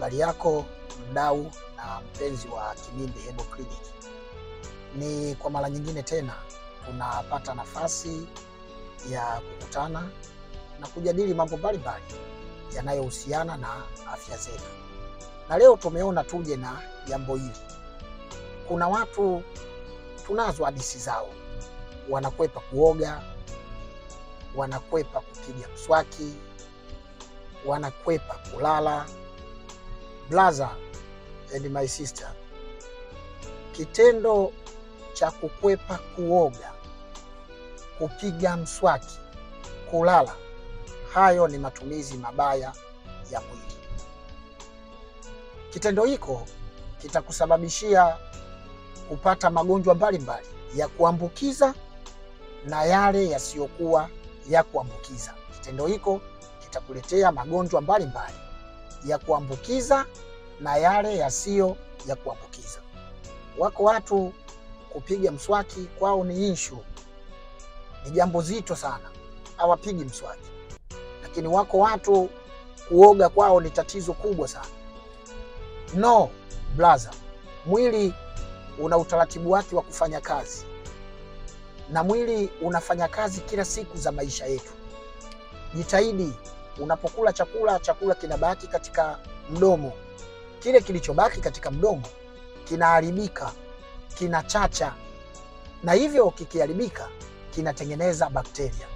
Habari yako mdau na mpenzi wa Kimimbi Herbal Clinic, ni kwa mara nyingine tena tunapata nafasi ya kukutana na kujadili mambo mbalimbali yanayohusiana na afya zetu, na leo tumeona tuje na jambo hili. Kuna watu tunazo hadithi zao, wanakwepa kuoga, wanakwepa kupiga mswaki, wanakwepa kulala brother and my sister, kitendo cha kukwepa kuoga, kupiga mswaki, kulala, hayo ni matumizi mabaya ya mwili. Kitendo hiko kitakusababishia kupata magonjwa mbalimbali ya kuambukiza na yale yasiyokuwa ya kuambukiza. Kitendo hiko kitakuletea magonjwa mbalimbali ya kuambukiza na yale yasiyo ya kuambukiza. Wako watu kupiga mswaki kwao ni inshu, ni jambo zito sana, hawapigi mswaki. Lakini wako watu kuoga kwao ni tatizo kubwa sana. No blaza, mwili una utaratibu wake wa kufanya kazi, na mwili unafanya kazi kila siku za maisha yetu. Jitahidi unapokula chakula, chakula kinabaki katika mdomo, kile kilichobaki katika mdomo kinaharibika, kinachacha, na hivyo kikiharibika kinatengeneza bakteria.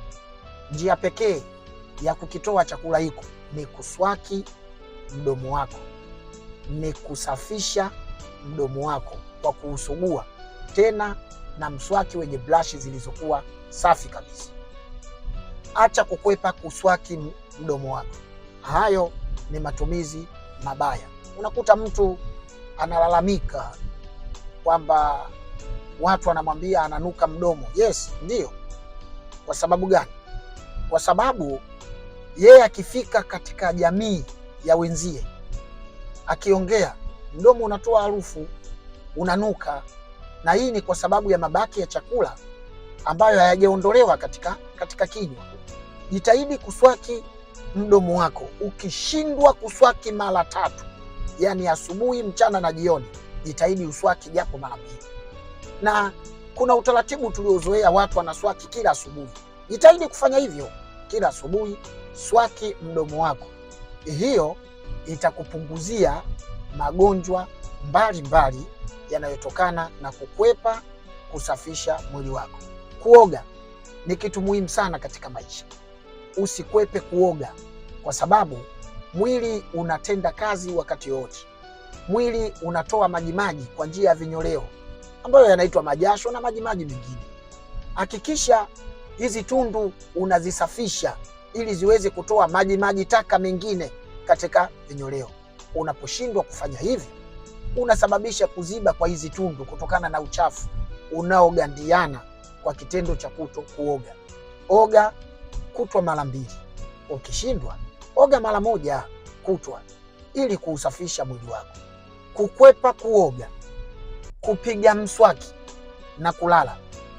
Njia pekee ya kukitoa chakula hiko ni kuswaki mdomo wako, ni kusafisha mdomo wako kwa kuusugua tena na mswaki wenye brashi zilizokuwa safi kabisa. Acha kukwepa kuswaki mdomo wako. Hayo ni matumizi mabaya unakuta mtu analalamika kwamba watu wanamwambia ananuka mdomo. Yes, ndio Kwa sababu gani? Kwa sababu yeye akifika katika jamii ya wenzie, akiongea mdomo unatoa harufu, unanuka, na hii ni kwa sababu ya mabaki ya chakula ambayo hayajaondolewa katika, katika kinywa. Jitahidi kuswaki mdomo wako. Ukishindwa kuswaki mara tatu yani asubuhi, mchana na jioni, jitahidi uswaki japo mara mbili. Na kuna utaratibu tuliozoea, watu wanaswaki kila asubuhi. Jitahidi kufanya hivyo kila asubuhi, swaki mdomo wako. Hiyo itakupunguzia magonjwa mbalimbali yanayotokana na kukwepa kusafisha mwili wako. Kuoga ni kitu muhimu sana katika maisha. Usikwepe kuoga kwa sababu Mwili unatenda kazi wakati wote, mwili unatoa majimaji kwa njia ya vinyoleo ambayo yanaitwa majasho na majimaji mengine. Hakikisha hizi tundu unazisafisha ili ziweze kutoa majimaji taka mengine katika vinyoleo. Unaposhindwa kufanya hivi, unasababisha kuziba kwa hizi tundu kutokana na uchafu unaogandiana kwa kitendo cha kuto kuoga. Oga kutwa mara mbili, ukishindwa Oga mara moja kutwa ili kuusafisha mwili wako. Kukwepa kuoga, kupiga mswaki na kulala,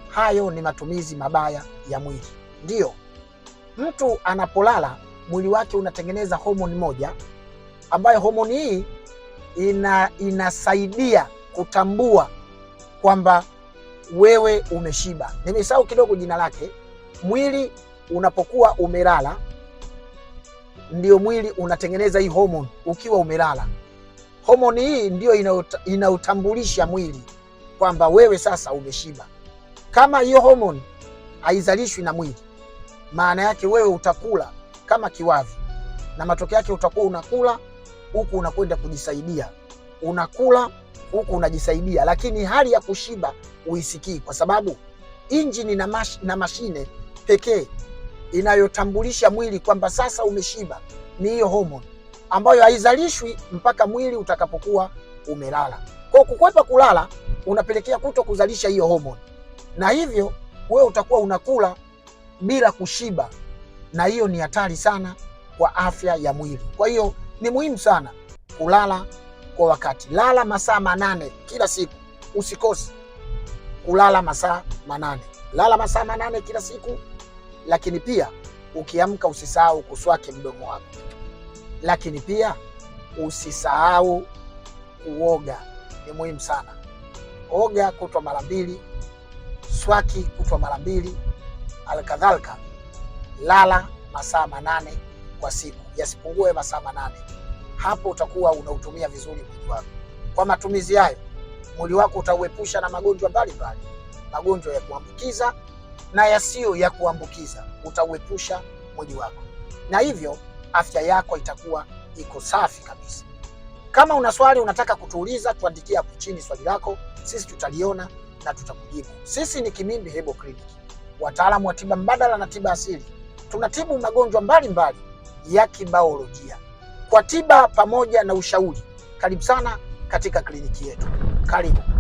hayo ni matumizi mabaya ya mwili. Ndiyo, mtu anapolala mwili wake unatengeneza homoni moja ambayo homoni hii ina, inasaidia kutambua kwamba wewe umeshiba. Nimesahau kidogo jina lake. Mwili unapokuwa umelala ndio mwili unatengeneza hii homoni ukiwa umelala. Homoni hii ndio inautambulisha mwili kwamba wewe sasa umeshiba. Kama hiyo homoni haizalishwi na mwili, maana yake wewe utakula kama kiwavi, na matokeo yake utakuwa unakula huku unakwenda kujisaidia, unakula huku unajisaidia, lakini hali ya kushiba uisikii, kwa sababu injini na, mash, na mashine pekee inayotambulisha mwili kwamba sasa umeshiba ni hiyo homoni ambayo haizalishwi mpaka mwili utakapokuwa umelala. Kwa kukwepa kulala unapelekea kuto kuzalisha hiyo homoni, na hivyo wewe utakuwa unakula bila kushiba, na hiyo ni hatari sana kwa afya ya mwili. Kwa hiyo ni muhimu sana kulala kwa wakati. Lala masaa manane kila siku, usikose kulala masaa manane. Lala masaa manane kila siku. Lakini pia ukiamka, usisahau kuswaki mdomo wako. Lakini pia usisahau kuoga, ni muhimu sana. Oga kutwa mara mbili, swaki kutwa mara mbili. Alkadhalika, lala masaa manane kwa siku, yasipungue masaa manane. Hapo utakuwa unautumia vizuri mwili wako. Kwa matumizi hayo, mwili wako utauepusha na magonjwa mbalimbali, magonjwa ya kuambukiza na yasiyo ya kuambukiza utauepusha mwili wako, na hivyo afya yako itakuwa iko safi kabisa. Kama una swali unataka kutuuliza, tuandikie hapo chini swali lako, sisi tutaliona na tutakujibu. Sisi ni Kimimbi Herbal Clinic, wataalamu wa tiba mbadala na tiba asili. Tunatibu magonjwa mbalimbali ya kibaolojia kwa tiba pamoja na ushauri. Karibu sana katika kliniki yetu, karibu.